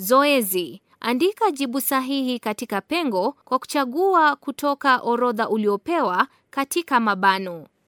Zoezi: andika jibu sahihi katika pengo kwa kuchagua kutoka orodha uliopewa katika mabano.